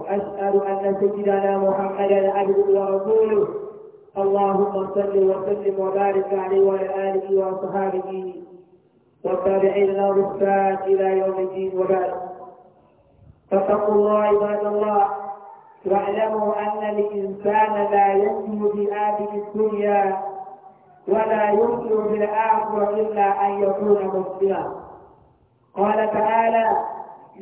وأسأل أن سيدنا محمدا عبده ورسوله اللهم صل وسلم وبارك عليه وعلى آله وأصحابه والتابعين لنا بإحسان إلى يوم الدين وبعد فاتقوا الله عباد الله واعلموا أن الإنسان لا ينجو هذه الدنيا ولا ينجو في الآخرة إلا أن يكون مسلما قال تعالى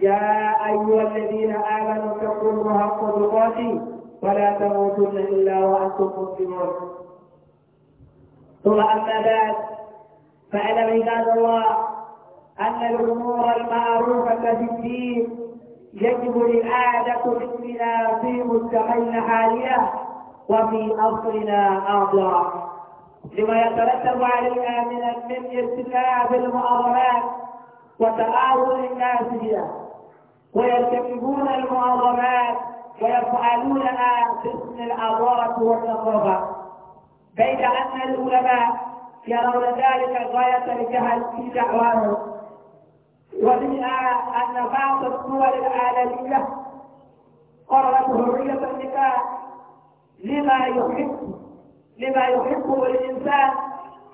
يا أيها الذين آمنوا اتقوا الله حق تقاته ولا تموتن إلا وأنتم مسلمون ثم أما بعد فاعلم عباد الله أن الأمور المعروفة في الدين يجب إعادة باسمنا في مجتمعنا حاليا وفي أصلنا أرضا لما يترتب عليها من من ارتكاب المؤامرات وتعاون الناس بها ويرتكبون المعظمات ويفعلونها باسم الأضرة والنصابة بيد أن العلماء يرون ذلك غاية الجهل في دعواهم ومنها أن بعض الدول العالمية قررت حرية النكاح لما يحب لما يحبه الإنسان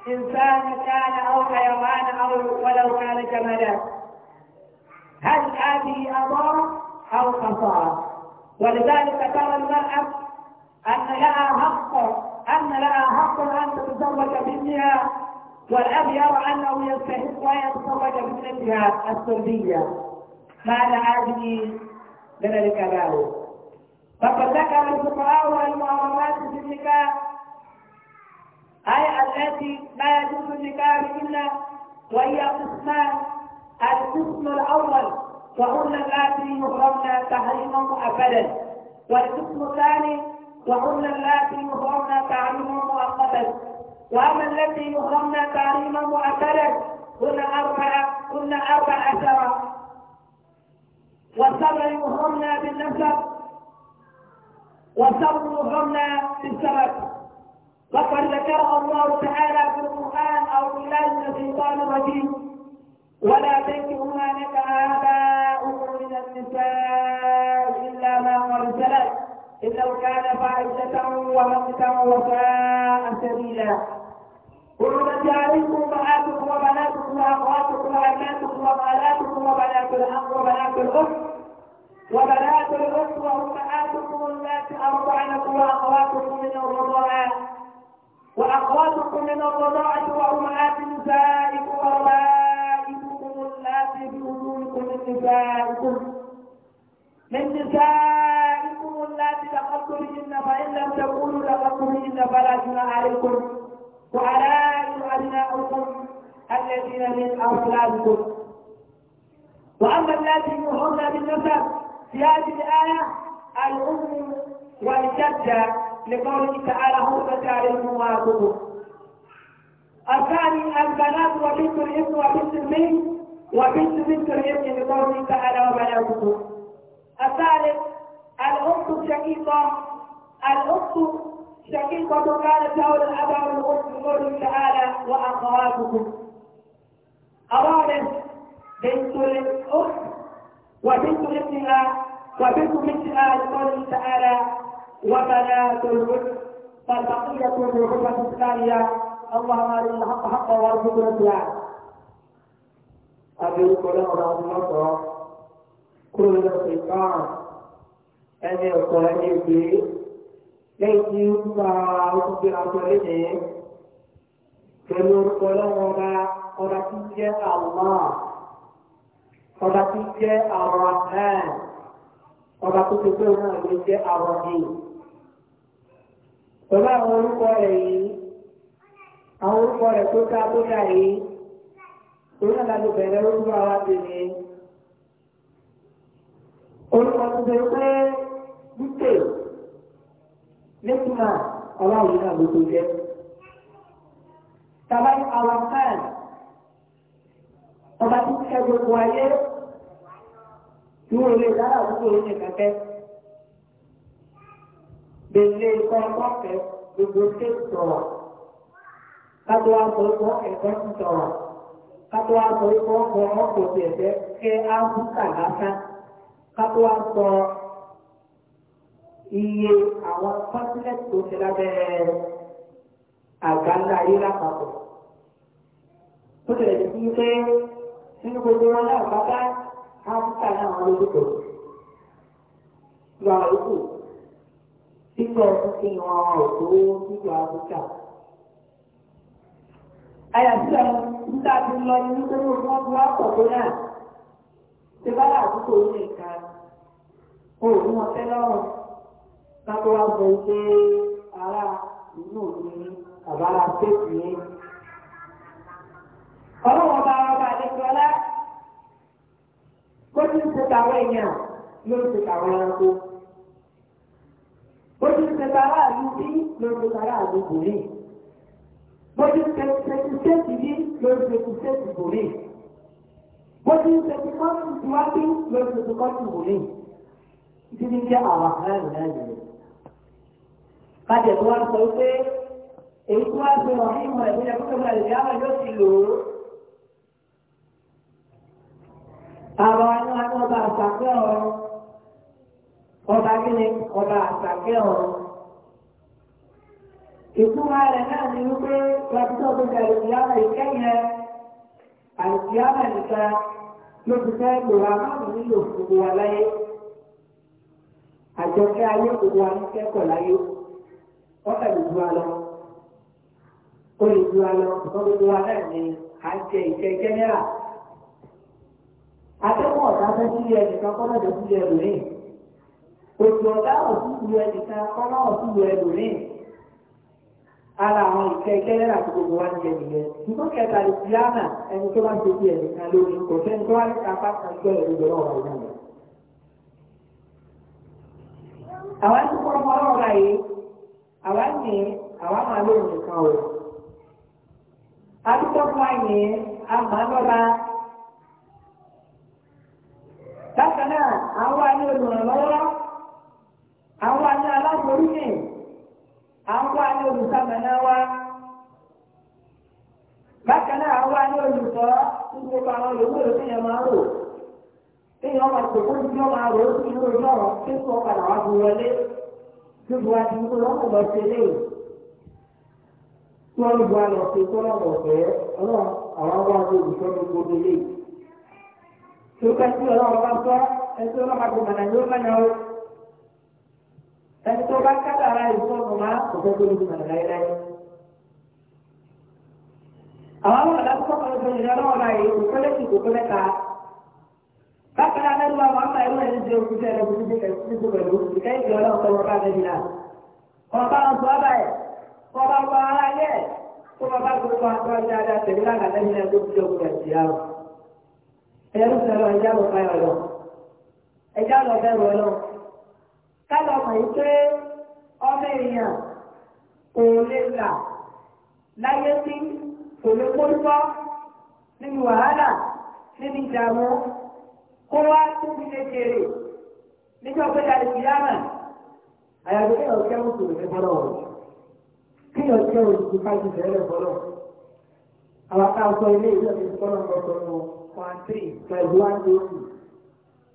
إنسان كان أو حيوان أو ولو كان جمالا هل هذه أمارة أو خسارة ولذلك ترى المرأة أن لها حق أن لها حق أن تتزوج بابنها والأب يرى أنه يستحق أن يتزوج بابنتها السلبية معنى هذه من الكلام فقد ذكر الفقهاء المعاملات في النكاح أي التي لا يجوز النكاح إلا وهي قسمان القسم الأول وهن اللاتي يهرمن تحريما أبدا والقسم الثاني وهن اللاتي يهرمن تعليما مؤقتا وأما التي يهرمن تعليما مؤقتا هن اربع هن أربع عشر والسبع يهرمن بالنسب والسبع يهرمن بالسبب وقد ذكر الله تعالى في القرآن أو بالله من الشيطان الرجيم ولا ما لك آباؤكم من النساء إلا ما قد سلف كان فاحشة ومقتا وساء سبيلا حرمت عليكم أمهاتكم وبناتكم وأخواتكم وعماتكم وخالاتكم وبنات الأخ وبنات الأخت وبنات الأخت وأمهاتكم اللاتي أرضعنكم وأخواتكم من الرضاعة وأخواتكم من الرضاعة وأمهات نسائكم وربائكم في بيوتكم من نسائكم من نسائكم اللاتي دخلتم فإن لم تكونوا دخلتم فلا جناح عليكم وحلائل أبناؤكم الذين من أولادكم وأما التي يوحون بالنسب في هذه الآية الأم والجدة لقوله تعالى هو عليهم وآبوهم الثاني البنات وبنت الابن وبنت البنت وبنت بنت الابن لقوله تعالى وبناتكم الثالث الأخت الشقيقة الأخت شقيقة كانت لها الأب والأخت لقوله تعالى وأخواتكم الرابع بنت الأخت وبنت ابنها وبنت بنتها لقوله تعالى وبنات الأخت فالبقية في الغرفة الثانية اللهم أرنا الحق حقا وارزقنا اتباعه abirúkọ lọ́wọ́ àwọn ọlọ́pàá kúrò lọ́sẹ̀ káà ẹni ọ̀pọ̀ ẹni ìgbé lẹ́yìn tí ó ń bá ọdún aṣọ lẹ́yìn pẹ̀lú orúkọ lọ́wọ́ ọba ọba tí jẹ́ àlọ́ ọba tí jẹ́ àrọ̀ ẹ̀ ọba tó ti pé náà ló jẹ́ àrọ̀ yìí. pẹ̀lú àwọn orúkọ rẹ̀ yìí àwọn orúkọ rẹ̀ tó ká tó dà yìí torí àdájọ bẹ̀rẹ̀ orúkọ ara ti ní orúkọ tó ṣe pé wípé lẹ́tùmá ọlọ́run náà ló tó jẹ́ tàbá àwọn fáàn ọba tó ṣe gbogbo ayé tí wọ́n lè dára àdúgbò lónìí kankan bèlè kọ́ńtọ́ fẹ́ gbogbo ṣe sọ̀rọ̀ kájọ àgbọ̀ ẹ̀kọ́ ti sọ̀rọ̀. kátó wá sọ wípé wọ́n kọ ọkọ̀ tí ẹ̀fẹ́ kẹ́ áfíríkà iye àwọn kọ́ńtínẹ̀tì tó ṣe lábẹ́ àgbáńlá ayé lápapọ̀. ó ṣẹlẹ̀ sí pé nínú gbogbo wọn náà bàbá áfíríkà náà wọn lójú kò àyàtí àwọn nígbà tí ń lọ inú tó wọ́n fún wa pọ̀ tó náà ṣe bá làkúkọ orí ìka òòrùn ọ̀tẹ́ lọ́rùn kápẹ́ wa gbọ́ pé ara inú mi àbára tètè yẹn. ọlọ́wọ́n bá wọn bá lè jọlá bó ti ń ṣe tàwọn èèyàn ló ń ṣe tàwọn ẹranko bó ti ń ṣe tàwọn àlùbí ló ń ṣe tàwọn àlùbí bọ́dí tẹ̀síṣẹ́tì ní lórí tẹ̀síṣẹ́tì kò ní. bọ́dí tẹ̀síṣẹ́tì tiwájú lórí tẹ̀síṣẹ́tì kò ní. títí ní jẹ́ àwọn aráàlú náà nìyẹn. kájẹ̀ tó wá sọ pé èyí tó wá sọ wà ní ìmọ̀ ìpínlẹ̀ kókòrò àlejò àwọn yóò ti lò ó. àwọn àni wọn ọba àṣàkẹ́ ọ̀rọ̀ ọba gíní ọba àṣàkẹ́ ọ̀rọ̀ ìtumọ̀ rẹ̀ náà ni wípé pàtó tó bẹ̀rẹ̀ ìyáma ìkẹyìn àìsíyáma nìkan ló ti fẹ́ lòwà máàmù nílò gbogbo wa láyé àjọkẹ́ ayé gbogbo wa ní kẹ́kọ̀ọ́ láyé wọ́n kà lè ju wa lọ ó lè ju wa lọ ṣùgbọ́n gbogbo wa náà ni à ń jẹ ìjẹ jẹ́nẹ́rà akẹ́kọ̀ọ́ ọ̀dà fẹ́ sílé ẹnìkan kọ́nà tó sílé ẹlòmíì òtù ọ̀dà ọ̀sùn ìlú ẹnìkan kọ́nà ọ̀sùn ìlú ẹlòmíì ara àwọn ìkẹ́kẹ́ àti gbogbo wa ń jẹ nìyẹn ṣùgbọ́n kẹta ìsìlámà ẹni tó bá ń tètè ẹ̀ nìkan lórí kò sẹ́ni tó wá ní kápá kan gbọ́ ẹ̀rí lọ́wọ́ ọ̀rọ̀ náà lọ. àwa ti kọ́ ọmọ ọlọ́run láyé àwa ní àwa máa lóyún nìkan o. adúgbòkun àyè àmọ́ lọ́la. bákan náà àwọn àní olùrànlọ́wọ́ àwọn àní aláborí àwọn wá ní olùsàmọ̀nà wa bákan náà àwọn wá ní olùsọ gbogbo àwọn yòówù ló fi yẹn máa rò èèyàn máa tò fún ìdí ọmọ àrò sí inú ojú ọ̀rọ̀ tí kò padà wá bu wọlé gbogbo wa ti wúlò wọn kò lọ sí ilé tí wọn bu alọ sí tó lọ́wọ́ ọ̀fẹ́ ọlọ́run àwọn wá ní olùsọ gbogbo ilé tí ó kẹ́ sí ọlọ́run bá sọ ẹgbẹ́ ọlọ́run àti mọ̀nà yóò mẹ́nà ẹni tó bá kádàrá ìfọ́nù máa kò fẹ́ tó lùmọ̀ láéláé. àwọn ọmọ ọ̀dà tó kọ́kọ́ lóṣooṣù ní ọlọ́wọ́ báyìí òkú lẹ́sìn kò fẹ́ ká. bákan náà lẹ́nu àwọn àmà ẹ̀rọ ẹni jẹ́ òkú jẹ́ ẹ̀rọ ìdíje kẹ̀síkú pẹ̀lú ìkẹ́yìí ọlọ́wọ́ tó wọ́n bá bẹ̀ nílà. ọba ọ̀sọ́ abáyẹ̀ ọba ọba aráyẹ̀ kó bàbá gbogbo àtọ́ ọjà ajá tẹ̀lé lágàtà nínú ẹgbẹ́ òkú jẹ́ òkú ẹ̀sìn yàrá kálọ̀ mọ̀ yìí pé ọmọ èèyàn kò lè là láyé sí kò lè kójúbọ́ níbi wàhálà níbi ìdààmú kó wá tó fi lè jèrè níjọ́ pé dàdí ìyáàmà àyàgbé kéèyàn kẹ́wọ́n tó lè bọ́lọ̀ wọ̀ kéèyàn kẹ́wọ́n tó ká ju bẹ́ẹ̀ bọ́lọ̀ àwọn akáwọ́ sọ ilé ìjọba ìfọ́nà ọ̀sán wọn one three twelve one two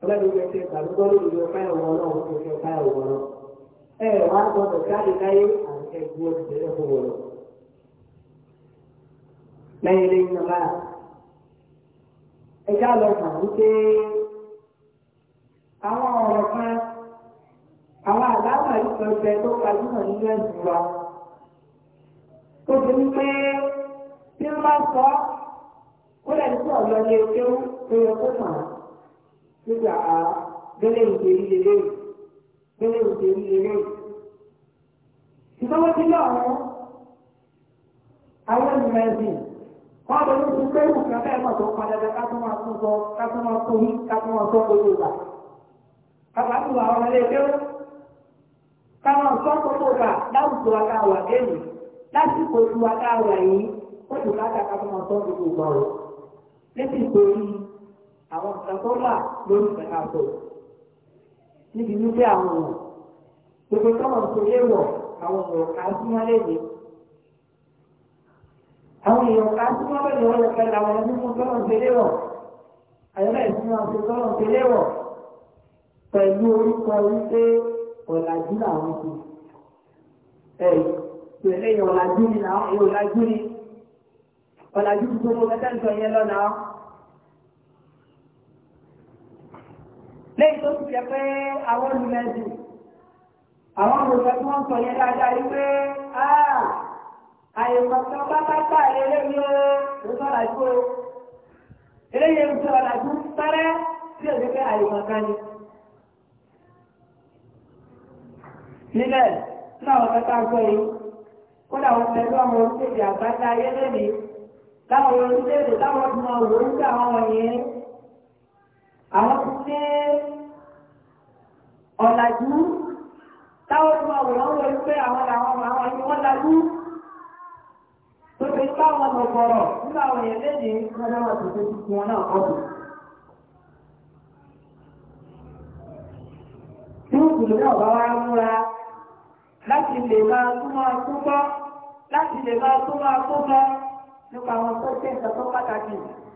ọlọ́run ti gbàgbé gbọ́dọ̀ lórí ọ̀ká ìwọ̀n náà ó ti fi ọ̀ká ìwọ̀n náà. ẹ wá gbọdọ̀ káàdì láyé àti ẹgbẹ́ òṣìṣẹ́ fún wọn lọ. lẹ́yìn lẹ́yìn náà báyà ẹjá lọ kàn wípé àwọn ọ̀rọ̀ kan àwọn àdáàmà ìfẹ̀fẹ̀ tó gbajúmọ̀ nínú ẹ̀sìn wa tó ti ń pé tí wọ́n bá sọ ó lẹ́yìn tí ọ̀lọ́ ni nígbà a gẹ́lẹ́ ìgbèrí lélẹ́ gẹ́lẹ́ ìgbèrí lélẹ́ lọ àwọn àwọn ìmọ̀ ẹ̀sìn wọ́n lọ lóṣù pẹ́lú kẹfẹ́ ẹ̀mọ̀ tó padà tó máa láwùjọ gẹ́lù lásìkò yìí ó àwọn nǹkan tó là lórí ìfẹ̀ka tó níbi wípé àwọn ọ̀rọ̀ gbogbo tọ́wọ̀n tó léwọ̀ àwọn ọ̀rọ̀ ká sí wọn léde àwọn èèyàn ká sí wọn lóde wọn lọ́pẹ́ làwọn ẹni fún tọ́wọ̀n tó léwọ̀ àyọ̀lẹ́ ìsìn wọn fún tọ́wọ̀n tó léwọ̀ pẹ̀lú orúkọ wípé ọ̀làjú làwọn ti ẹ̀yìn pẹ̀lú ọ̀làjú ni ọ̀làjú ni ọ̀làjú tuntun mo fẹ́ tẹ́lifọ̀ yẹn lọ́nà ọ́. lẹ́yìn tó ti jẹ́ pé àwọn olùmẹ̀sìn àwọn olùfẹ́ tí wọ́n sọ yẹn dáadáa yìí pé àyèmọ̀tàn pátápá eléyìí ó ń sọ̀rọ̀ àjò eléyìí ń sọ̀rọ̀ àjò sáré tí o ti pé àyèmọ̀tàn ni. nílẹ̀ náà wọ́n fẹ́ ká gbọ́ yìí kódà wọ́n fẹ́ lọ́mọ orílẹ̀-èdè àgbáńlá ayé lónìí láwọn orílẹ̀-èdè táwọn ọdún máa wò ó ń gbà wọ́n wọ̀nyí àwọn wípé ọ̀làjú táwọn ọmọ àwòrán wọ wípé àwọn làwọn ọmọ àwọn ẹni wọ́n lajú tó fi táwọn ọmọ bọ̀rọ̀ nígbà àwọn èèyàn léde wọ́n dáwọn tó fi tuntun wọn náà kọ́ tí òkùnrin náà bá wá múra láti lè máa túmọ̀ túbọ̀ láti lè máa túmọ̀ túbọ̀ nípa àwọn tó ṣe ìtọ́tọ́ pàtàkì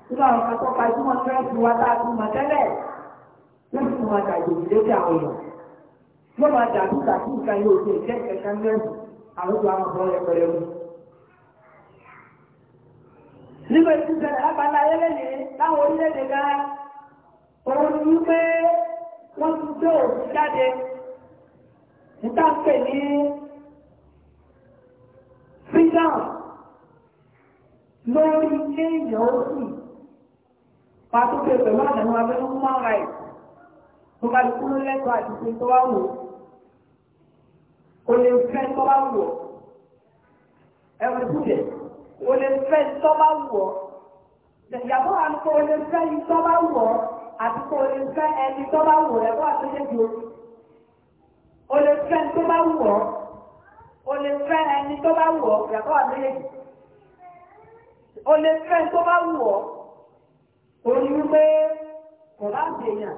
nípa àwọn kan tó pa ìtumọ̀ tí wọ́n fi wá tá a túmọ̀ tẹ́lẹ̀ láti máa dàgbèjì lórí àwọn èèyàn wọ́n máa dàbí tàbí nǹkan yóò ṣe ìjẹ́ ìkẹta mẹ́rin àwọn tó àwọn ọmọ ẹgbẹ̀rẹ̀ mu. nígbà tí ìṣẹ̀lẹ̀ abala ayẹlẹ́lẹ́ láwọn orílẹ̀-èdè ga òun ni wípé wọ́n ti gbé òfin jáde níta ń pè ní freedom lórí kéèyàn ó sì pàtó pé pẹ̀lú àdánù abẹ́nú human rights tó bá kú ló lẹ́tọ̀ àdìsí tó bá wù ó lè fẹ́ tó bá wù ọ́ ẹ̀rọ ìbúdẹ̀ ó lè fẹ́ tó bá wù ọ́ ìyàwó àti kò lè fẹ́ ẹni tó bá wù ọ́ àti kò lè fẹ́ ẹni tó bá wù ọ́ ẹ̀kọ́ àtúnṣe ó lè fẹ́ ẹni tó bá wù ọ́ ó lè fẹ́ ẹni tó bá wù ọ́ ẹ̀kọ́ àtúnṣe ó lè fẹ́ tó bá wù ọ́ òní wípé kò bá ń dèèyàn.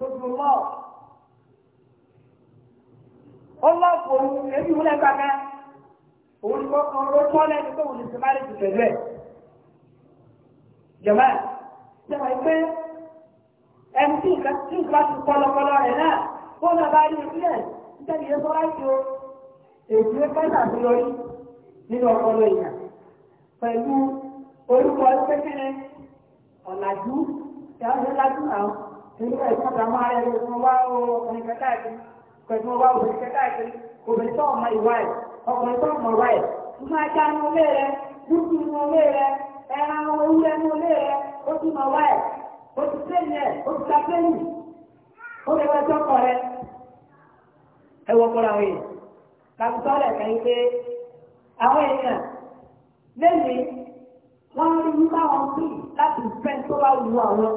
tóbi mọ́ ó lọ́ fò òun èmi ìwúlẹ̀ gbàgbẹ́ òun kọ́ kan ló tọ́ lẹ́nu pé òun ìsìn máàlì ti pẹ̀lú ẹ̀ jọ̀mọ́ jọ̀mọ́ pé ẹni tí nǹkan tí nǹkan ti pọlọpọlọ rẹ̀ náà kó náà bá rí ìpínlẹ̀ nítorí yẹn sọ láti o èyí ló fẹ́ ṣàṣeyọrí nínú ọpọlọ èèyàn pẹ̀lú orúkọ ẹgbẹ́ kẹ́rin ọ̀làjú ìyá ọ̀làjú àwọn nínú ẹ̀sán tá a máa rẹ̀ lóko wá ọkùnrin kẹta ẹ̀kí pẹ̀lú wá obìnrin kẹta ẹ̀kí obìnrin tó ọmọ ìwà ẹ̀ ọkùnrin tó ọmọ ìwà ẹ̀ máa já inú ilé rẹ dúdú inú ilé rẹ ẹran ewúrẹ́ inú ilé rẹ ó ti mọ̀ wá ẹ̀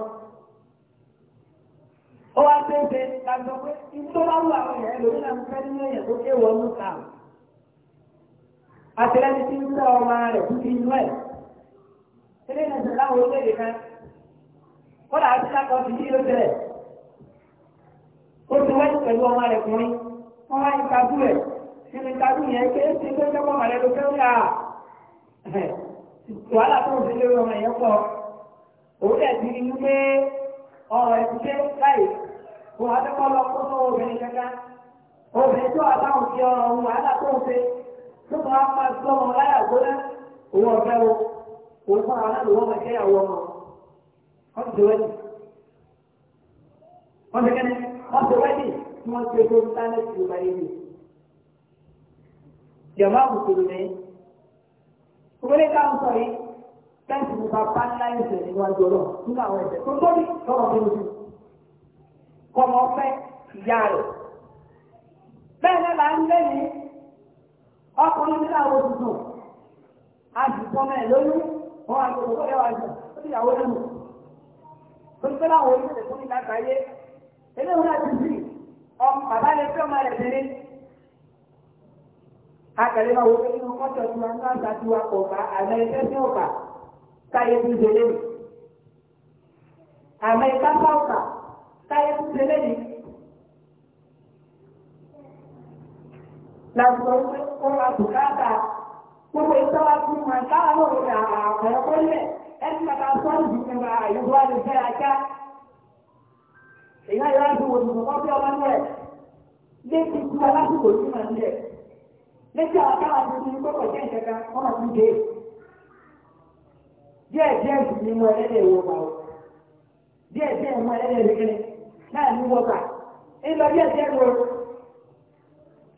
ó ó wá ṣe é ṣe lájọ pé tó bá wù àwọn èèyàn lórí náà ń fẹ́ nínú èèyàn tó ké wọnú ta àtìlẹ́yìn tí ń tọ́ ọmọ rẹ̀ kú sí inú ẹ̀ ilé ìrìnàjò láwọn orílẹ̀-èdè kan kódà àti lákọ̀ ti yí ló tẹ̀lẹ̀ ó ti wáyé pẹ̀lú ọmọ rẹ̀ kùnrin wọ́n wá ní tabú rẹ̀ nínú tabú yẹn pé ti tó jọ́pọ̀ màlẹ́ ló fẹ́ wíyà wàhálà tó ń ọ̀rọ̀ ẹ̀ ṣe láì kò wá dé kọ́lọ́ kó tó obìnrin kankan obìnrin tó aláwọ̀ fi ọ̀rọ̀ ohun wàhálà tó ń ṣe tó kọ́ á máa gbọ́ láyàwó rẹ̀ òun ọ̀fẹ́ wo òun fún àwọn àlùwọ́ ọmọ ìkẹyàwó ọmọ wọ́n ti wẹ́dì wọ́n ti kẹ́ni wọ́n ti wẹ́dì tí wọ́n ti gbé káwọn sọ yìí fẹ́ǹsì àwọn tó tóbi kọ́mọ fẹ́ ìyá rẹ̀. bẹ́ẹ̀ náà là ń lé ní ọkùnrin nílẹ̀ àwọn òṣùṣù àjùkọ́mọ ẹ̀ lóyún wọn àjùkọ́ tó yẹwà jù ó ti yàwó lẹ́nu. pẹ̀lú àwọn oníṣẹ́ tó ní lágbàáyé eléyìí náà ti sì ọmọ bàbá rẹ̀ fẹ́ ọmọ rẹ̀ bẹ̀rẹ̀ akẹ̀lẹ́ máa wo pé nínú kọ́tọ̀ tí wọn náà ṣáájú wa kò bá àmọ́ tí ò bá táyé ti délé àmọ́ ẹgbẹ́ tí ò táyé tó ṣe lẹ́yìn. Làbùkọ̀ wípé ó ra bùkátà gbogbo ìtọ́wá fún wa káwọn náà rẹ̀ àwọn ẹ̀kọ́ lẹ̀ ẹni bàbá sọ́ọ̀lù jù ní ara ìlú wa lè fẹ́ ajá. Ìyá ìyá ìdúró ní ọkọ̀ bí ọba náà rẹ̀ létí tí wọn lásìkò tí wọn ń lẹ̀. Létí àwọn káwọn tó ti kọ́kọ̀ jẹ́ ìjẹta wọn máa ń dé. Díẹ̀ díẹ̀ sì ni mo ẹlẹ́dẹ̀ ìwọ̀n bá wọn. Díẹ̀ díẹ̀ mo ẹlẹ́dẹ̀ ìrẹ́kẹ́lẹ́. náà ní wọ́gbà ńlọ bí ẹ̀jẹ̀ ń rọrùn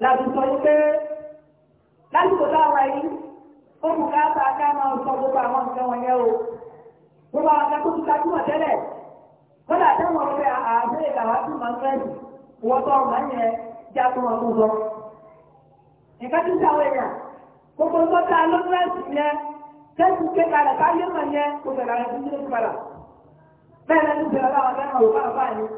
làbùsọ yìí pé lásìkò táwa ó mú ká ká máa sọ gbogbo àwọn nǹkan wọn yẹn o gbogbo àwọn akẹ́kọ̀ọ́ tó ta túmọ̀ tẹ́lẹ̀ kọ́dà táwọn ọ̀rẹ́ àbúrò ìgbàwá tún máa ń wọ́n tọ́ yẹn nǹkan tí ń ta àwọn èèyàn gbogbo tó ta lọ́sẹ̀sì yẹn tẹ́sí pé kalẹ̀ káyé mọ̀ yẹn kò bẹ̀rẹ̀ rẹ̀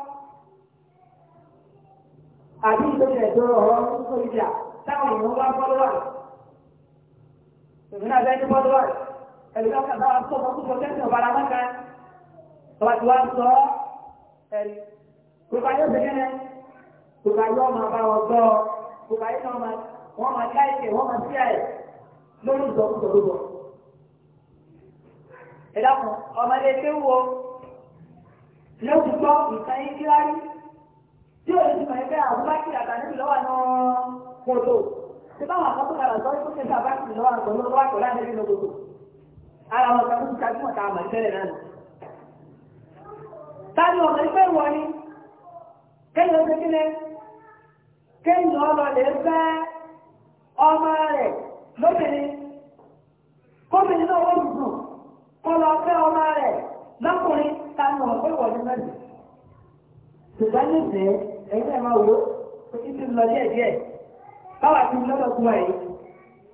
àbí ìgbésẹ̀ tó ọ̀rọ̀ tó ìjà táwọn èèyàn bá fọ́lọ́wà ìrìnà bẹ́ẹ̀ ní fọ́lọ́wà ẹ̀rí lọ́kàn bá wọn tó ọmọ tó fọ́lọ́wà tẹ̀sán ọ̀bára mọ́ta ọba tí wọ́n sọ ẹ̀rí gbogbo ayé òṣèlú yẹn gbogbo ayé ọmọ bá wọn gbọ́ gbogbo ayé náà wọ́n tí o lè ti mọ̀ ẹgbẹ́ àwọn bá kí àgbàdo lọ́wọ́ àná kòtò tí báwọn àkọ́kọ́ náà sọ pé kí àbá kì lọ́wọ́ àná kòtò lọ́wọ́ àkọ́lá ní ẹgbẹ́ kòtò ara wọn kan fún ìtajú mọ̀ta àmọ̀ ìtẹ́lẹ̀ náà nù. tani ọmọ ìfẹ́ wọ ni kéèyàn ó ṣe kí ni kéèyàn ọlọ lè fẹ́ ọmọ rẹ̀ lóbìnrin kóbìnrin náà wọ́n dùn kó lọ fẹ́ ọmọ rẹ̀ lọ́kùnrin tani ọmọ ìfẹ́ wọ ni mẹ́rin ẹ̀yin náà máa wò ó ti ti lọ díẹ̀ díẹ̀ báwa ti lọ́dọ̀ fún wa yìí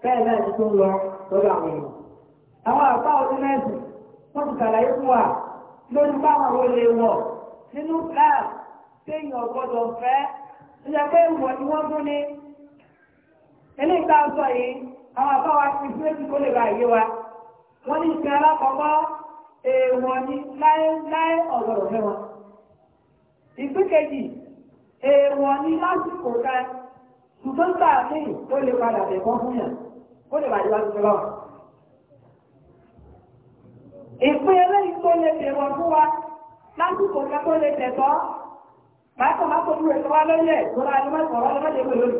bẹ́ẹ̀ náà ti tó ń lọ lọ́dọ̀ àwọn èèyàn. àwọn àbá ọdún mẹ́sì wọ́n ti kàlàyé fún wa lórí báwọn wo lè wọ̀ nínú islam téèyàn gbọ́dọ̀ fẹ́ ìyá pé ìwọ̀ ni wọ́n mú ni. eléyìí tá a sọ yìí àwọn àbá wa ti fi méjì kó lè bá yé wa wọ́n ní ìpín alákọ̀ọ́kọ́ èèwọ̀ ni láéláé ọ̀gọ̀rọ̀ fẹ́ èèwọ̀ ní lásìkò ká ṣùgbọ́n gbà mí ó lè padà bẹ̀kọ́ fún yàn ó lè bàjẹ́ wá tuntun ìpín eléyìí tó lè bẹ̀rọ̀ fún wa lásìkò ká tó lè tẹ̀tọ́ bákan bá tóbi rẹ̀ lórí ẹ̀ tó láti má sọ̀rọ̀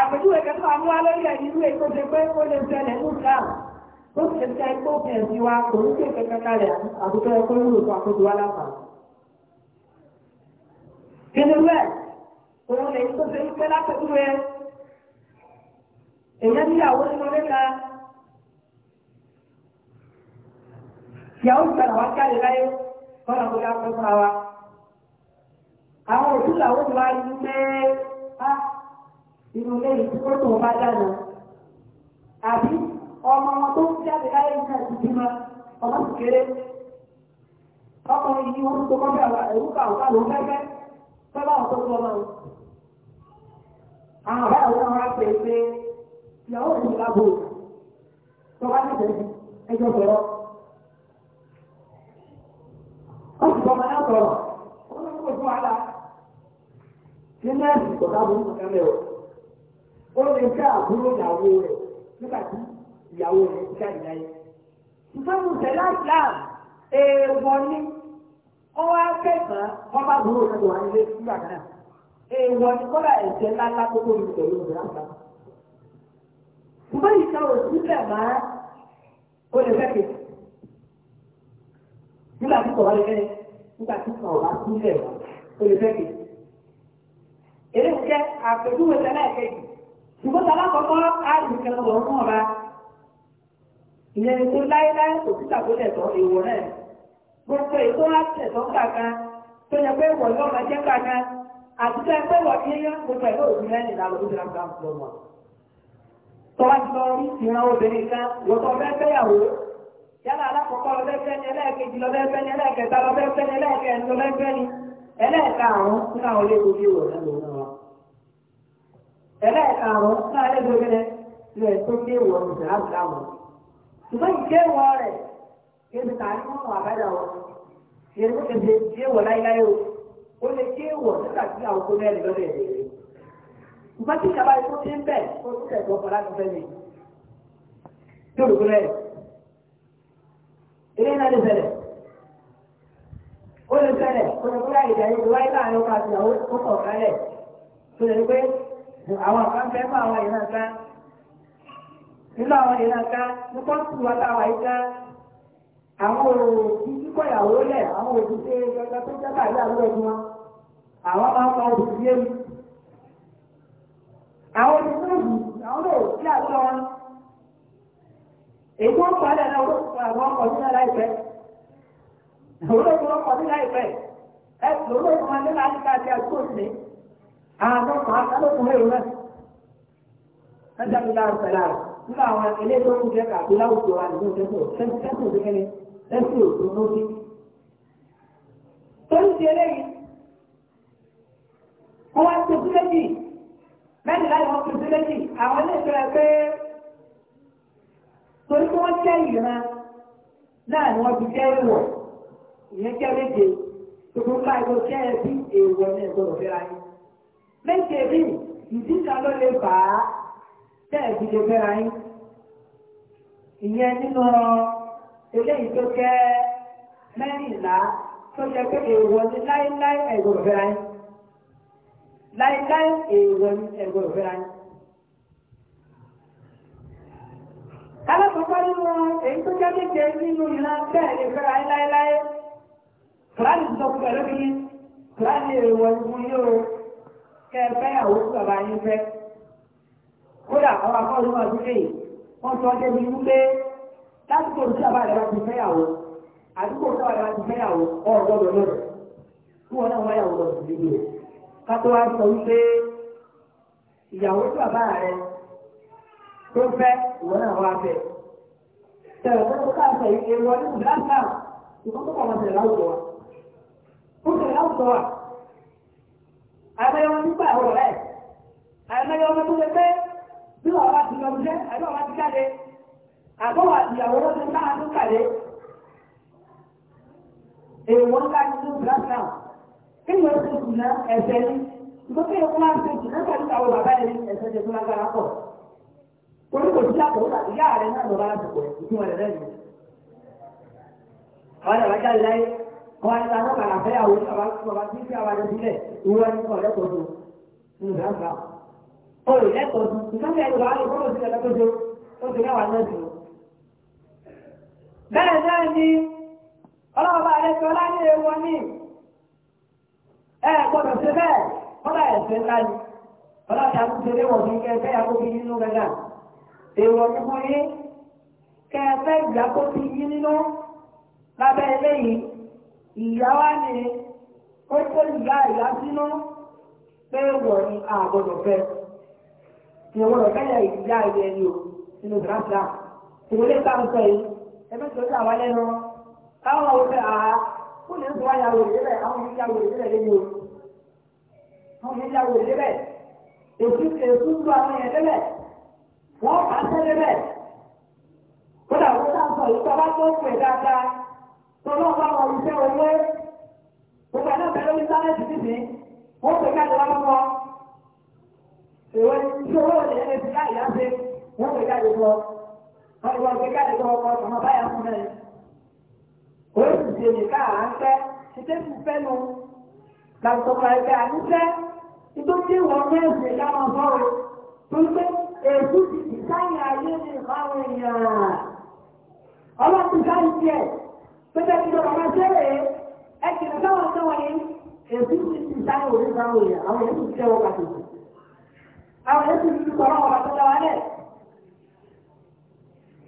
àpèjúwe kẹta àwọn wá ẹ̀ nínú èyí ṣe pé ó lè ṣẹlẹ̀ ní islam tó ṣe ṣe ẹgbẹ́ òfin ẹ̀sìn wa kò ní ṣe kẹkẹ kalẹ̀ àbúkẹ́ ẹ̀kọ́ lóòótọ́ àkójọ wa láǹfààní. Nínú rẹ̀, òun lè tó ṣe wípé látọ̀jú rẹ̀. Èyẹ́ níyàwó nínú níta. Ìyàwó ìgbàlà wá jáde láyé, kọ́nà kó yá fún wa. Àwọn òkú làwọn ti wá rí wípé á inú ilé yìí tí ó tó bá jáde. Àbí ọmọ wọn tó ń jáde láyé ní àti bímọ, ọmọ sì kéré. Ọkùnrin yìí wọ́n tó kọ́ bí àwọn ẹ̀rú kà ó bá lóun fẹ́fẹ́ sábà wọn tó tó ọmọ wọn. àwọn àbáyọ̀ wọn wá pé ìyàwó òun lágbo tó ní ìtẹ́jú ẹjọ́ sọ̀rọ̀. ó sì fọmọ náà sọ̀rọ̀ ó ní kó fún wàhálà. nínú ẹ̀sìn kò dábò ń kankan wọ́n wá wọ́n bá gbúrò náà wà nílé nígbà náà èèwọ̀ ni kọ́lá ẹ̀jẹ̀ ńláńlá tó tóbi pẹ̀lú ìgbà kan. ṣùgbọ́n ìta ò sílẹ̀ máa ó lè fẹ́kẹ̀. nígbà tí kò wá lè fẹ́kẹ̀ nígbà tí kò wá sílẹ̀ ó lè fẹ́kẹ̀. èrè ń jẹ́ àpèjúwe tẹ́lẹ̀ kejì ṣùgbọ́n tàbá kọ́kọ́ á lè kẹ́lọ́ fún ọ̀ra. gbogbo ètò àtẹ̀tọ́ kàkà tó yẹ pé wọ̀ yọ ọmọdé kàkà àti tó yẹ pé wọ̀ yíyá gbogbo ẹ̀ lóòrùn lẹ́yìn ìlànà tó dira gbà lọ wọn. tọ́wá ti lọ rí ìran obìnrin kan fẹ́yàwó yálà alákọ̀ọ́kọ́ ẹlẹ́ẹ̀kejì ẹlẹ́ẹ̀kẹta ẹlẹ́ẹ̀kẹrin àwọn olóògùn bí wọ̀ lẹ́nu wọn. àwọn olóògùn bí wọ̀ wọn. ṣùgbọ́n ìgbéwọ̀ rẹ̀ yẹnu kò lè jẹ́ wọ̀ láíláí o ó lè jẹ́ wọ̀ nígbà tí àwọn kò mẹ́rin lọ́dọ̀ ẹ̀ lè nǹkan tí ìjọba yìí tó ti ń bẹ̀ ó tún tẹ̀sán ọkọ̀ láti kíkọ̀yàwó lẹ̀ àwọn òṣìṣẹ́ gẹ́gẹ́ tó jẹ́ báyìí àlọ́ àwọn máa ń pa òṣìṣẹ́ mi. àwọn òṣìṣẹ́ òbí àwọn náà sí àlọ́ wọn. èyí wọ́n padà náà àwọn ọkọ̀ sílẹ̀ láìpẹ́. olóògùn wọn kọ̀ láìpẹ́. ẹ olóògùn wọn ní láti àti àti òṣìṣẹ́. àwọn ọkọ̀ akálòkùn mẹ́rin náà. pẹ̀lú àwọn ilé tó ń jẹ́ lẹ́sìn òtún lórí. tó ń ṣe eléyìí wọ́n wá tó sílẹ̀jì mẹ́rin láì wọ́n tó sílẹ̀jì àwọn ilé ìṣẹ̀lẹ̀ pé torí pé wọ́n jẹ́ ìran náà ni wọ́n ti jẹ́ ìwọ̀ ìyẹn jẹ́ méje gbogbo ká ìlú jẹ́ ẹbí èèwọ̀ ní ìgbọ̀rọ̀ fẹ́ra yín. méje bí ìdí kan ló lè bà á tẹ́ ẹ̀bí lè fẹ́ra yín. ìyẹn nínú ọ̀rọ̀ eléyìí tó jẹ́ mẹ́rìnlá tó jẹ́ pé èèwọ̀ ni láíláí ẹ̀gbọ́n òfẹ́ra yín láíláí èèwọ̀ ni ẹ̀gbọ́n òfẹ́ra yín. alákọ̀ọ́kọ́ nínú èyí tó jẹ́ méje nínú ìran bẹ́ẹ̀ lè fẹ́ra yín láíláí kùránì tó kú pẹ̀lú bí kùránì èèwọ̀ ni mo yí o kẹ́ ẹ fẹ́ àwọn òkú bàbá yín fẹ́ kódà àwọn akọ́ọ̀lù máa dúdé wọ́n sọ lásìkò tí àbá ọrụ bá ti fẹ́yàwó àdúgbò ọrụ àbá rẹ̀ bá ti fẹ́yàwó ọ̀rọ̀ lọ́dọ̀ lọ́dọ̀ kí wọ́n náà wáyàwó lọ sí ìlú rẹ̀ ká tó wá sọ wípé ìyàwó tí àbá rẹ̀ tó fẹ́ ìwọ náà wá fẹ́ tẹ̀lé tó tó káàkiri yìí èrò ọdún ìdáńtà ìfọ́n tó kọ̀ọ̀mọ̀ tẹ̀lé láwùjọ wa ó tẹ̀lé láwùjọ wa àmọ́ nípa ẹ̀rọ rẹ̀ àmọ́ tó lè pé bí wàá bá ti lọ àbọ̀wà ìyàwó lọ́dún náà ló kàlẹ́ èèwọ̀n ká ní ní black now nínú oṣù ìdùnnà ẹ̀fẹ́ ní ìgbọ́n tó yẹ kó máa ń ṣe ìdùnnà pẹ̀lú àwọn bàbá yẹn ní ẹ̀fẹ́ ṣe tó lágbára pọ̀ torí kò sí àpò ìyá rẹ náà lọ bá àbùkù ìtumọ̀ rẹ̀ lẹ́nu. àwọn àbájá láyé wọn ní lánàá kàrà fẹ́ àwọn ìṣàbá bàbá tí fi àwọn àdébílẹ̀ ìwọ ní kọ̀ lẹ́kọ̀ọ́ tó nínú black now. olùlẹ́kọ̀ọ́ tó ìgbọ́n tó yẹ kó bẹ́ẹ̀ náà ni ọlọ́ọ̀bá àlejò ọláyé wọn ní ẹ gbọ́dọ̀ ṣe bẹ́ẹ̀ kọ́dà ẹ̀ṣẹ̀ ńlá ni ọlọ́ọ̀dà ń ṣe léwọ̀ ní kẹ́ fẹ́ yàgò fi yín nínú gẹ́gà èèwọ̀ ní fún yín kẹ́ fẹ́ yàgò fi yín nínú lábẹ́ eléyìí ìyá wa ni ó kó ìyá ìyá sínú pé wọ̀ ní àgbọ̀dọ̀ fẹ́ ìwọ̀n ọ̀fẹ́ yẹ ìyá ìyẹn ni ò nínú gàdá ìwọlé ká ẹgbẹ́ tó ti àwa lẹ́nu káwọn àwọn ọ̀fẹ́ àá kó lè tó wá wòlé débẹ̀ àwọn yìí ya wòlé débẹ̀ lẹ́yìn o àwọn yìí ya wòlé débẹ̀ èsù tó àwọn yẹn débẹ̀ wọ́n kà á tẹ́ débẹ̀ kódà wọ́n sá sọ yìí tó tó pè dáadáa tó náà bá wọn iṣẹ́ owó gbogbo àná bẹ̀rẹ̀ ní sálẹ̀tì títì wọ́n pè ká ìwà lọ́wọ́ ìwé ìṣòro ìyẹn wọ́n wọ́n gbé káàdì tó ọkọ̀ ọmọ báyà fún ẹ̀. ó sì ṣe lè ká à ń fẹ́ ṣiṣẹ́ sì fẹ́ nu làtọ̀kọ̀ ẹgbẹ́ àníṣẹ́ ìtò tí wọ́n fẹ́ ṣe láwọn bọ́ọ̀lù tó ń pẹ́ èkú ti ti sáyìn ayé ní ìfáwọn èèyàn. ọlọ́run ti sáyìn tiẹ̀ pépé ti lọ bàbá ṣẹlẹ̀ ẹ kìlọ̀ sáwọn ọ̀sẹ̀ wọ̀nyí èkú ti ti sáyìn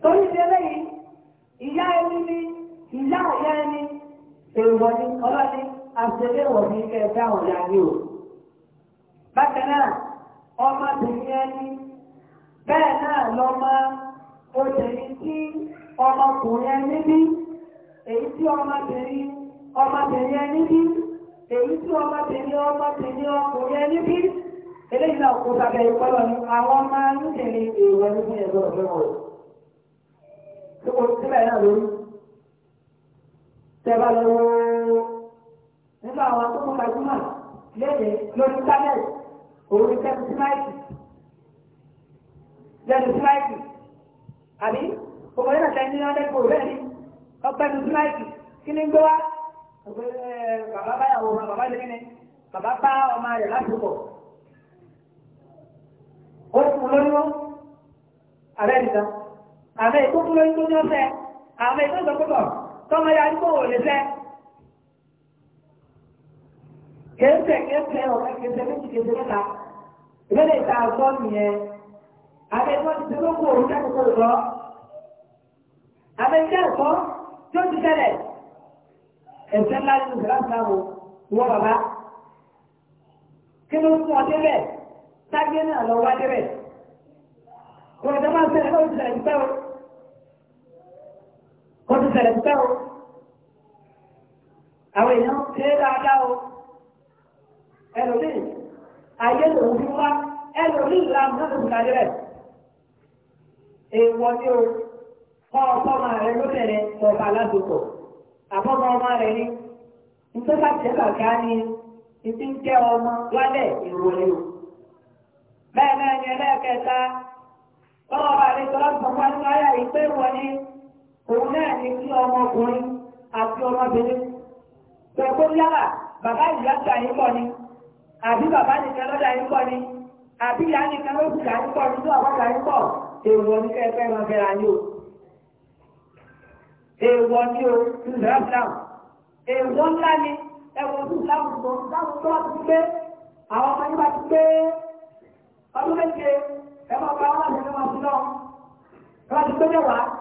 torí ti eléyìí ìyá ẹni ní ìyá ọ̀yá ẹni èèwọ̀ ni ọlọ́ni àṣẹléwọ̀ ní kẹta ọ̀yá ni o. bákan náà ọmọbìnrin ẹni bẹ́ẹ̀ náà lọ́mọ obìnrin tí ọmọkùnrin ẹni bí èyí tí ọmọbìnrin ọmọbìnrin ẹni bí èyí tí ọmọbìnrin ọmọbìnrin ọkùnrin ẹni bí eléyìí náà kó sábẹ́ ìpọ́lọ́ ni àwọn máa ń tẹ̀lé èèwọ̀ ní ẹ̀rọ ìgbẹ́wọ̀ lórí tẹ́bà lọ́wọ́ nígbà àwọn tó mú kàdúmà léde lórí kánẹ́ẹ̀tì òun tẹ́kù símáìtì lẹ́nu símáìtì àbí òun náà tẹ́ ní ọ́dẹ́kọ̀ rẹ̀ ní ọpẹ́nu símáìtì kí ni gbé wá bàbá báyàwó ma bàbá lè ní bàbá bá ọmọ rẹ̀ láti pọ̀ ó kú lóyún àbẹ́ nìkan àbẹ́ ìkókú lóyún tó ní ọ̀fẹ́ àwọn ètò ìsọkúbọ̀ tọ́mọ ya ní kòwò lè fẹ́ kéèké kéèké ọ̀rẹ́ kéèké méjì kéèké mẹ́ta ìbẹ́lẹ̀ ìta àgbọ́ nìyẹn àwọn ètò ìsọkúbọ̀ tó kú òun jáde kó lọ àwọn ètò ẹ̀kọ́ tó ti tẹ́lẹ̀ ẹ̀fẹ́ ńlá nínú ìgbàlá wọ́n bàbá kí ló fún ọ débẹ̀ tágé náà lọ wá débẹ̀ kò lè dá máa ń ṣẹlẹ̀ lọ́wọ́ ìṣẹ̀lẹ̀ ìpẹ́ o wọ́n ti ṣẹlẹ̀ síbẹ̀ o àwọn èèyàn ṣe é dáadáa o ẹlòmíì ayé lòun fi wá ẹlòmíì làmú náà lòun kájọ rẹ̀ èèwọ̀ ni o kọ́ ọ̀pọ̀ ọmọ rẹ lóbẹ̀rẹ̀ ọ̀pá aládùúgbò àbọ̀mọ ọmọ rẹ ni nítorí láti ẹ̀ka ká ní ìdí ń jẹ́ ọmọ lálẹ́ ìrọ̀lẹ́ o bẹ́ẹ̀ náà ni ẹlẹ́ẹ̀kẹta ọlọ́ọ̀bà àlejò ọlọ́sọ̀kọ́ ní ayé ìpéwọ̀ ni. òun náà ni kí ọmọkùnrin àti ọmọbìnrin pẹ̀lú yálà bàbá ìyá gbà pọ̀ ni àbí bàbá nìkan lọ́dà pọ̀ ni àbí ìyá nìkan ló gbà yín pọ̀ nínú àbájá yín pọ̀ èèwọ̀ ní kẹ́kẹ́ fẹ́ra o ní o ńlá ni ẹ̀wọ̀n tó láwùjọ ti gbé àwọn ọmọ yín bá ti gbé ọdún méje ẹ máa bá wọn àti náà wọn ti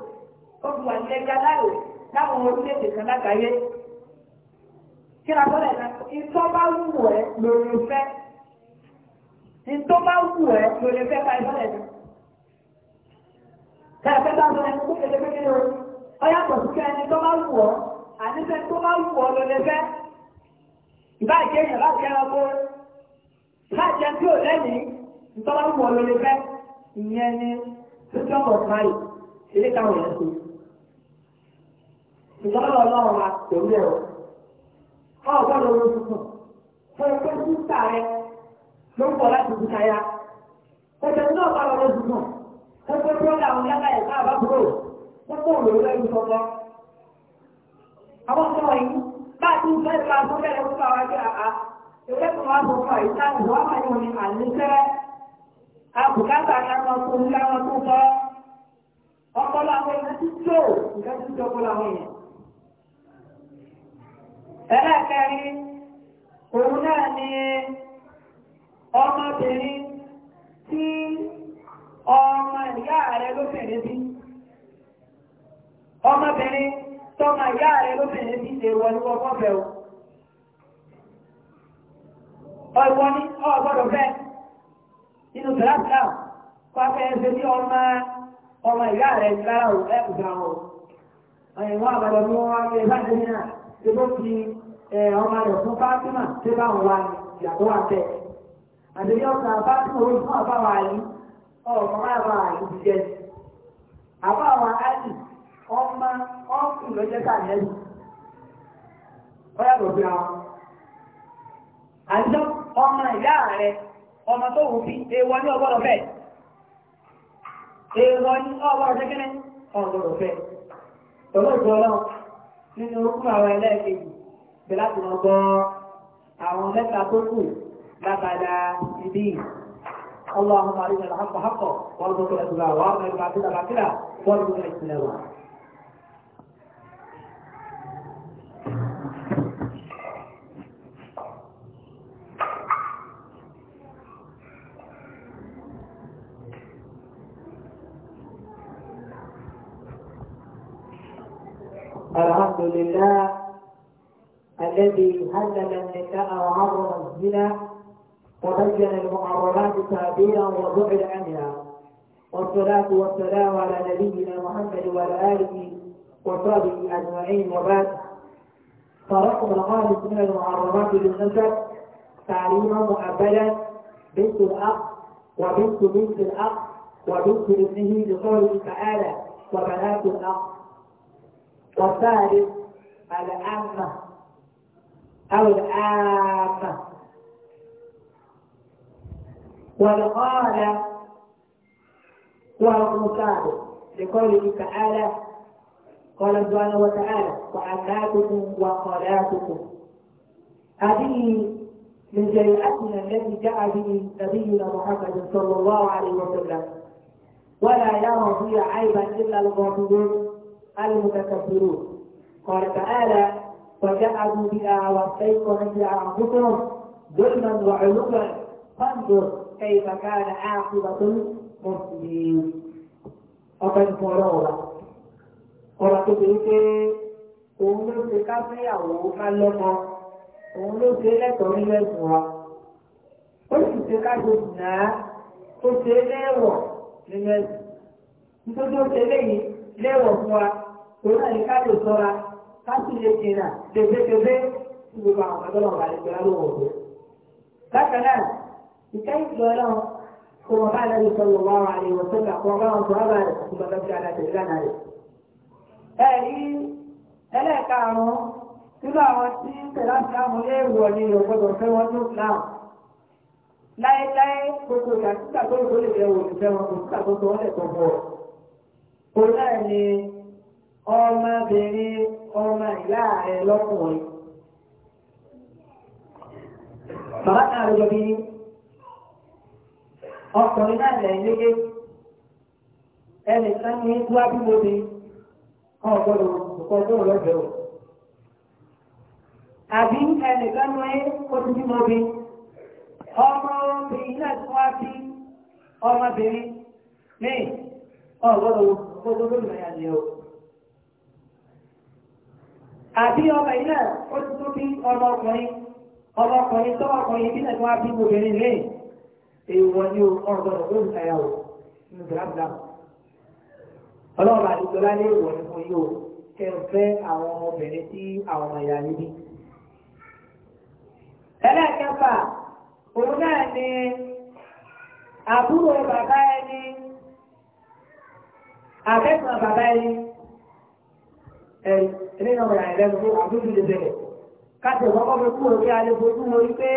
oṣù wà lẹ́gà láyò láwọn orílẹ̀-èdè kan lágbàáyé. Kí la bọ́lẹ̀ náà? Ìtọ́ bá wù ẹ́ lórí fẹ́. Ìtọ́ bá wù ẹ́ lórí fẹ́ ká ìbọ̀lẹ̀ náà. Kẹ́lá fẹ́ bá sọ ẹni tó kéde kékeré o. Ó yàtọ̀ sí kí ẹni tó bá wù ọ́. Àníṣe tó bá wù ọ́ lórí fẹ́. Ìbá ìkéyàn láti ẹranko. Ìbá ìjẹ tí ò lẹ́yìn. Ìtọ́ bá wù ọ́ lórí fẹ́. Ìyẹn ni Freedom of Mind. Ilé káwọn yẹn ṣe ìdáná ọlọ́run la kò ní ẹ̀rọ. ọ gbọ́dọ̀ ló tuntun fún ẹ pé dúkà rẹ ló ń bọ̀ láti dúkà ya. ẹgbẹ́ náà bá lọ lójúmọ̀ ó pé bọ́lá àwọn yàrá ẹ̀ ká bá búrò ó pé òun lòún lẹ́nu sọ́kọ́. àwọn ọmọ yìí bá ti ń fẹ́ ta fún bẹ́ẹ̀ fún àwọn ajé àá ìwé tó wà fún ọ ìta ìwọ àmà yóò ní àníṣẹ́ tó ń bọ́ ọpọlọ àwọn èèyàn ti tó nǹkan ti tó ọpọlọ àwọn èèyàn. ẹlẹ́kẹrin òun náà ni ọmọbìnrin tí ọmọ ìyá rẹ̀ lóbìnrin bí ọmọbìnrin tọ́mọ ìyá rẹ̀ lóbìnrin bí èèwọ̀ ní ọgbọ́n bẹ̀ ọ̀wọ́ ní ọgbọ́dọ̀ fẹ́ nínú ọmọ ìyá rẹ̀ ní ṣe ló fi ọmọ rẹ̀ fún fátímà ṣé báwọn wá ní ìyàtọ̀ wà tẹ̀. àdéhùn ọ̀sán fátímà ló fún àbáwá yìí ọ̀rọ̀ máa bá àyè jẹ́ àbáwá áyì ọmọ ọ̀kùn lọ́jọ́ kàlẹ́lì ọ̀yà lọ́bí àwọn àjọ ọmọ ìyá rẹ ọmọ tó wù bí ewọ ní ọgbọ́dọ̀ fẹ́ ewọ ní ọgbọ́dọ̀ jẹ́kẹ́rẹ́ ọgbọ́dọ̀ fẹ́ ọgbọ́dọ̀ nínú orúkú àwọn ẹlẹ́ẹ̀kejì pé láti mọ gbọ́ àwọn mẹ́ta tó kù lábàdà ìdí اللهم أرنا الحق حقا وارزقنا اتباعه وأرنا الباطل باطلا وارزقنا اجتنابه الحمد لله الذي هلل النساء وعرض الزنا وبين المعرضات تعبيرا وبعد عنها والصلاة والسلام على نبينا محمد وعلى آله وصحبه أجمعين وبعد فرقم الخامس من المعرضات للنسب تعليما مؤبدا بنت الأخ وبنت بنت الأخ وبنت ابنه لقوله تعالى وبنات الأخ وفارق العامة أو العامة والغالة وهو المصاب لقوله تعالى قال سبحانه وتعالى وعلاتكم وقالاتكم هذه من شريعتنا التي جاء به نبينا محمد صلى الله عليه وسلم ولا يرى فيها عيبا الا الغافلون المتكبرون قال تعالى وجحدوا بها واستيقنت انفسهم ظلما وعلوا فانظر كيف كان عاقبة المسلمين ọ̀pẹ̀lú fún ọ̀rọ̀ ọ̀la ọ̀rọ̀ tó ti pé òun ló ṣe ká fẹ́yàwó ká lọ́mọ òun ló ṣe lẹ́tọ̀ọ́ nílẹ̀ ẹ̀sùn wa ó sì ṣe ká ṣe dùnà ṣe lẹ́wọ̀ nílẹ̀ ẹ̀sùn nítorí ó ṣe léyìí léwọ̀ fún wa òun náà ní ká lè sọ́ra ká sì lè jìnnà tẹ́tẹ́tẹ́tẹ́ tí gbogbo àwọn ọ̀dọ́ náà wà lè gbẹ́rẹ́ lọ́wọ́ ọ̀dọ́. bákan náà ìka ìgbọ́ náà kò wọ́n bá lẹ́nu sọ̀rọ̀ wá wà lè wọ́n sọ́kà kó wọ́n bá wọn sọ̀rọ̀ bá rẹ̀ kó bàbá fi ara tẹ̀lé lánàá rẹ̀. ẹ rí ẹlẹ́ẹ̀karùn-ún nínú àwọn tí tẹ̀lá ti àwọn léèwọ̀ ni ọ̀gbọ́dọ̀ fẹ́ wọn ní islam láéláé gbogbo ìyàtúntà tó ń gbólé ẹ̀wọ̀ ìfẹ́ wọn kó ọma ni ọmọbìnrin ọmọ ìyá rẹ lọ́kùnrin. Bàbá náà lọ́jọ́ bí ọkùnrin náà lẹ́yìn méjèèjì ẹnìkan ní wá bí ọgbọ́dọ̀ o. Àbí ẹnìkan ní ó bí ọmọbìnrin náà wá ọmọbìnrin ní ọgbọ́dọ̀ gbogbo gómìnà yà ni o. àbí ọmọ yìí náà ó ti tó bí ọmọkùnrin ọmọkùnrin tọmọkùnrin yìí náà wá bí obìnrin rẹ̀ èèwọ̀ ni o ọ̀gbọ̀nà gómìnà yà o nínú gbàgbà. ọlọ́run àdìgbò lálẹ́ èèwọ̀ ni fún yìí o kẹ fẹ́ àwọn ọmọbìnrin tí àwọn ọmọ ìyá yìí bí. ẹlẹ́ẹ̀kẹfà òun náà ni àbúrò bàbá ẹni àfẹ́sàn bàbá ẹni ẹni náà wọ̀nyà ẹ̀rẹ́ fún àbúrò lè bẹ̀rẹ̀ káṣí ìwọ́kọ́ mi kúrò kí alẹ́ fojú wọn wípé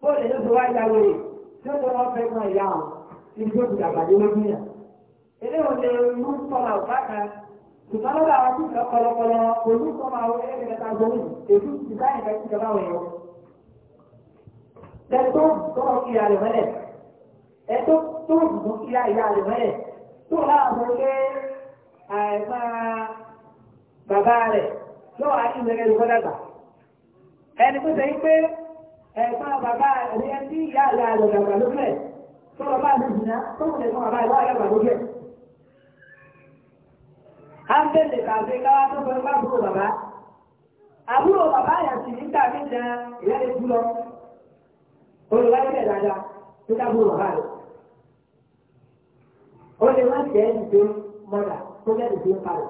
bóòlù ló fi wá ìyá wèrè tí ó tó wọn fẹ́ kan ìyá wọn ibi tó ti dàgbà dé lójú yàn. eléwọ̀n lè mú sọ́mà ọ̀gá kan ṣùgbọ́n lọ́dọ̀ àwọn tí ìjọ kọlọkọlọ olú sọ́mà ọ̀rẹ́ ẹ̀ẹ́dẹ̀gbẹ̀ta gbòmìn èdú ìdáyìn kan ti jọba wọ̀nyẹn. ẹ̀tọ́ tó kí ìyá rẹ̀ mọ́lẹ̀ ẹ̀tọ́ tó kí ìyá rẹ̀ mọ́lẹ̀ tó láàbò pé àìmọ́ bàbá rẹ̀ yóò wá ní ìrẹ́lẹ̀ ìfọ́dàgbà ẹni tó sẹ́yìn pé ẹ̀gbọ́n bàbá rẹ̀ ẹni ìyá àlẹ́ àlẹ́ àgbà ló fẹ́ tó lọ bá mi jìnnà tó lè fún bàbá ìwà àgbà ló fẹ́. a ń bẹ̀rẹ̀ kàfé káwá tó fẹ́ bá àbúrò bàbá àbúrò bàbá yẹn sì ní tàbí jẹ ìyá lè dúró olùwárí rẹ̀ dáadáa tó ó lè má jẹ́ ìdè mọ́dà tó jẹ́ ìdè padà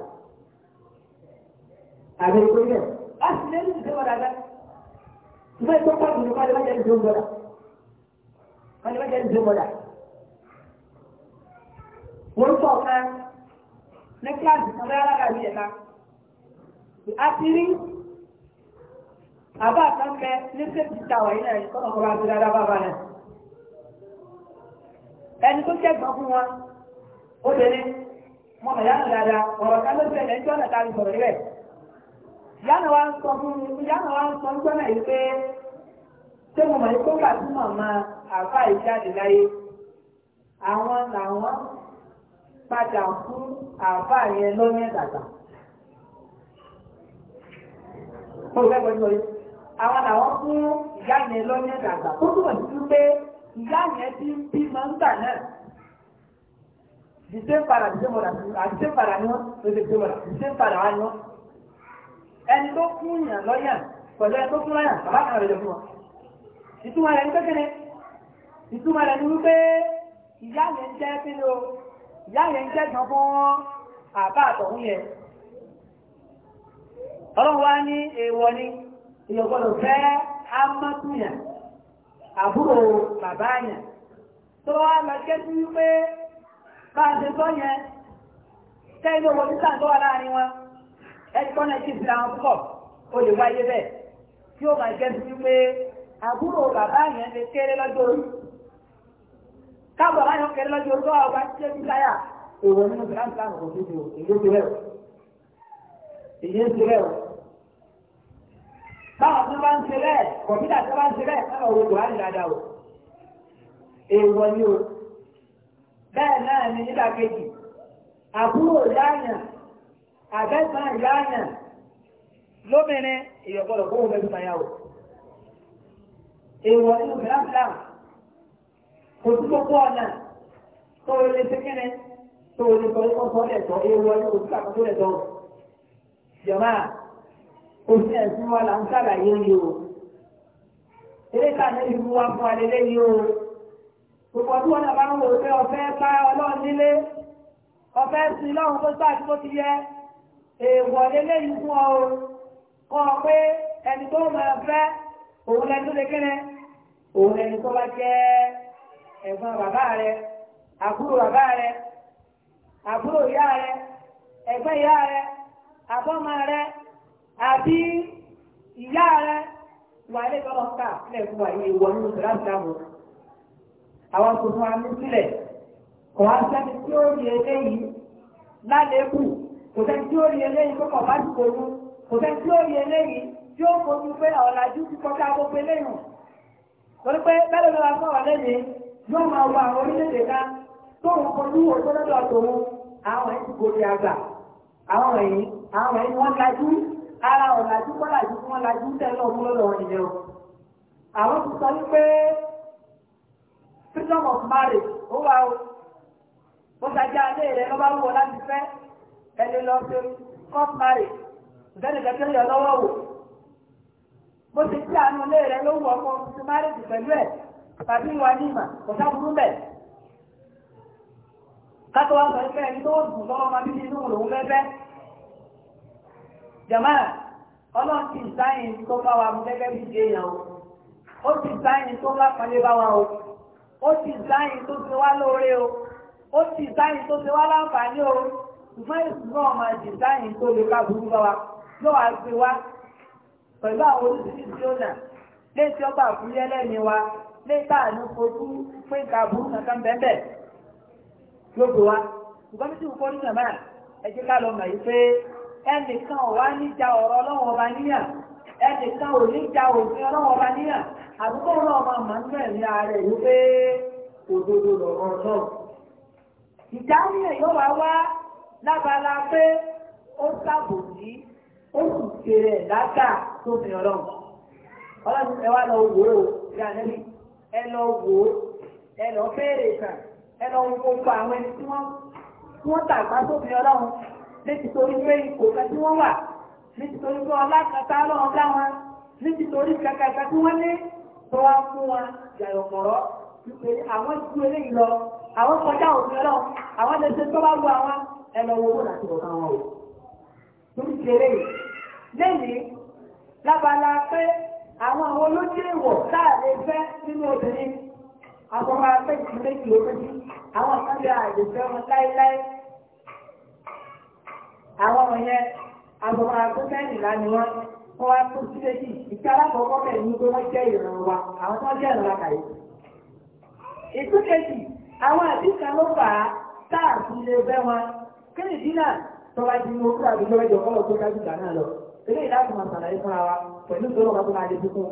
àbí ìpín náà á sì lè ní ìdè mọ́dà náà ìgbà tó pọ̀ jù ní kọ́ni má jẹ́ ìdè mọ́dà kọ́ni má jẹ́ ìdè mọ́dà. wọ́n sọ kan ní kíláàsì kan bẹ́ẹ̀ lára mi ẹ̀ka àtìrí àbá àtàkẹ́ ní sèpì táwọn yìí náà kọ́nà kọ́ra àti dáadáa bàbá náà ẹni tó jẹ́ fún wọn ó ṣe ní mo mọ̀ yánà dáadáa ọ̀rọ̀ ká ló ṣẹlẹ̀ ní ọ̀nà tàbí sọ̀rọ̀ rẹ̀ yánà wa ń sọ fún mi yánà wa ń sọ ń gbọ́nà yìí pé ṣé mo mọ̀ ní kó kà fún màmá àfa ìjáde láyé àwọn làwọn padà fún àfa yẹn lọ́nà ìdàgbà. mo fẹ́ gbọ́dọ̀ yìí àwọn làwọn fún ìyá yẹn lọ́nà ìdàgbà tó túbọ̀ sí pé ìyá yẹn ti ń bímọ ń gbà náà. the same father the same mother ni wọn ló ṣe gbémọ̀lá same father ẹni bàbá fún wọn. ìtumọ̀ rẹ̀ ní kékeré ìtumọ̀ rẹ̀ ní wípé ìyá yẹn o ọlọ́run ní èèwọ̀ ni ìyọ̀gbọ́dọ̀ fẹ́ amátúnyà àbúrò bá e ṣe sọ yẹn tẹ́lú owó títà tó wà láàrin wọn ẹ̀kọ́ náà ti fira wọn púpọ̀ ó lè wáyé bẹ́ẹ̀ tí ó máa jẹ́ sí pé àbúrò bàbá yẹn lè kéré lọ́jọ́ orí káàbọ̀ láyọ̀ kéré lọ́jọ́ orí báwa bá ṣe bí láyà èrò nínú fìlàǹfìlàǹ kò sí ju èyí ti rẹ̀ èyí ti rẹ̀ báwọn tó bá ń ṣe bẹ́ẹ̀ tó bá ń ṣe bẹ́ẹ̀ bẹ́ẹ̀ náà ni nígbà kejì àbúrò yáàyàn àbẹ́sàn yáàyàn lómìnirin èèyàn gbọ́dọ̀ kó wọn mẹ́tò báyà o èèwọ̀ nínú bíláàbílà kò sí gbogbo ọ̀nà tó o lè ṣe kíni tó o lè sọ ọ̀sọ́ lẹ̀tọ́ èèwọ̀ nínú òṣìṣẹ́ àkókò lẹ̀tọ́ jọ̀mọ́ kò sí ẹ̀sìn wa là ń sàlàyé yìí o eré ká ní ìlú wa fún alẹ́ lẹ́yìn o gbogbo ọdún wọn bá ń wò pé ọ̀fẹ́ bá ọlọ́run nílé ọ̀fẹ́ sí lọ́run tó sáà tí ó ti yẹ èèwọ̀ lélẹ́ yìí fún ọ kọ́ ọ pé ẹni tó mọ̀ ọ̀fẹ́ òun lẹni tó lè kéne òun lẹni tó bá jẹ́ ẹ̀gbọ́n bàbá rẹ àbúrò bàbá rẹ àbúrò ìyá rẹ ẹ̀gbọ́n ìyá rẹ àbọ́mọ rẹ àbí ìyá rẹ wà lẹ́gbọ́n ọ̀ká lẹ́gbọ́n àyè ìwọ̀n ní ìsìlámù àwọn tuntun wa ní sílẹ̀ kò wá sẹ́ni tí ó rí eléyìí lálébù kò sẹ́ni tí ó rí eléyìí tó kọ̀ bá ti kòrú kò sẹ́ni tí ó rí eléyìí tí ó fojú pé ọ̀làjú ti kọjá gbogbo eléyìí torí pé bẹ́ẹ̀ ló wá sọ̀rọ̀ lẹ́yìn yóò máa wọ àwọn orílẹ̀-èdè ká tóun fojú wò tó lọ́dọ̀ tòun àwọn ẹ̀yìn ti gòkè àgbà àwọn ẹ̀yìn àwọn ẹ̀yìn wọn lajú ara ọ̀làjú kọ́làjú tí wọ́n lajú tẹ́lẹ̀ ọ̀gbọ́n lọ́dọ̀ wọn nìyẹn o àwọn ti sọ wípé freedom of marriage ó wà o bó alẹ́ rẹ̀ lọ́ba láti fẹ́ ẹni lọ sí court marriage ìdẹ́nì kẹ́kẹ́ yọ tí àánú ilé ló ọkọ sí marriage pẹ̀lú ẹ̀ tàbí ìwà nímà kò sábúrú bẹ̀. kátó wá sọ ẹni tó dùn lọ́wọ́ máa bí inú òun ọlọ́run ti sáyìn tó bá wa mú gẹ́gẹ́ bí ó ti sáyìn tó ó ti dáyìn tó ti wá lóore o ó ti dáyìn tó ti wá láǹfààní o ṣùgbọ́n ìṣúná ọmọ ti dáyìn tó lè ká burú bá wa ló wàá gbé wa pẹ̀lú àwọn oríṣiríṣi ọ̀nà léèṣẹ́ ọba àfúyẹ́ lẹ́ni wa léèṣẹ́ àánú fojú pé ká burú kankan bẹ́ẹ̀ ló gbé wa ṣùgbọ́n bí tí mo fọ́rí nàmá ẹ jẹ́ ká lọ mọ̀ yìí pé ẹnìkan ò wá níjà ọ̀rọ̀ ọlọ́wọ́ ọba níyà ẹnìkan ò níjà òfin ọlọ́wọ́ ọba níyà. àdúgbò ọ̀rọ̀ máa máa ní ààrẹ pé òdodo lọ̀rọ̀ náà. ìdáhùn yóò wá wá lábala pé ó ṣàbòsí ó sì kéré lágbà tó fi ọlọ́run. ọlọ́run ẹ wá lọ wò ó ìyá nẹ́bí ẹ lọ wò ó ẹ lọ ẹ lọ wo gbogbo àwọn ẹni tí wọ́n wọ́n tàgbá tó fi ọlọ́run létí torí pé ipò tó wá fún wa yàyọ̀kọ̀rọ̀ pé àwọn ju eléyìí lọ àwọn kọjá òfin ọlọ́run àwọn lè ṣe tó bá lu àwọn ẹnà owó láti bọ̀ káwọn o. tó ń ṣeré yìí lẹ́yìn lábala pé àwọn àwọn olójú èèwọ̀ láàrin ẹgbẹ́ nínú obìnrin àkọ́kọ́ afẹ́ ìdílé kìlómítì àwọn kan bí àìlè fẹ́ wọn láéláé àwọn wọ̀nyẹn àkọ́kọ́ afẹ́ mẹ́rìnlá kọ́ wa tó sí méjì ìkárà kọ̀ọ̀kọ́ bẹ̀rẹ̀ ní pé wọ́n jẹ́ ìran wa àwọn tó jẹ́ ìran kàyé. ìtúkejì àwọn àdìsá ló fà á táà sí ilé ẹgbẹ́ wọn kéde dínà tó bá di owó àbí lọ́wọ́ jọ kọ́lọ̀ tó dájú gbà náà lọ. ilé ìdáàbò máa sàlàyé fún wa pẹ̀lú tó lọ́wọ́ tó máa di fífún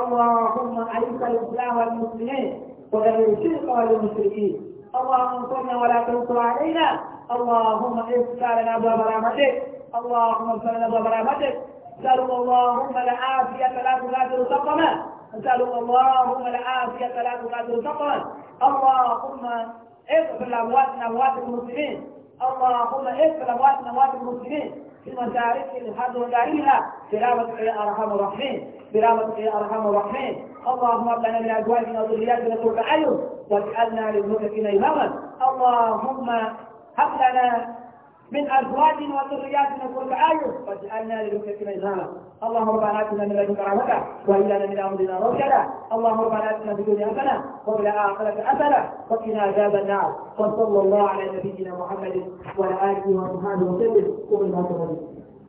اللهم انصر الاسلام والمسلمين ودمر الشرك والمشركين اللهم اعز الاسلام والمسلمين ودمر الشرك والمشركين اللهم انصرنا ولا تنصر علينا اللهم افتح لنا باب رحمتك اللهم افتح لنا باب رحمتك نسألك اللهم العافية لا تغادر سقما نسألك اللهم العافية لا تغادر سقما اللهم اغفر لأمواتنا أموات المسلمين اللهم اغفر أمواتنا أموات المسلمين في مشاركهم الحد وجاريها برحمتك يا أرحم الراحمين برحمتك يا أرحم الراحمين اللهم هب من أزواجنا وذرياتنا قرة أعين واجعلنا للمتقين إماما اللهم هب لنا من ازواجنا وذرياتنا قرة اعين واجعلنا للمتقين اماما اللهم ربنا اتنا من لدنك رحمه واجعلنا من امرنا رشدا اللهم ربنا اتنا في الدنيا حسنه وفي الاخره حسنه وقنا عذاب النار وصلى الله على نبينا محمد وعلى اله وصحبه وسلم قم الى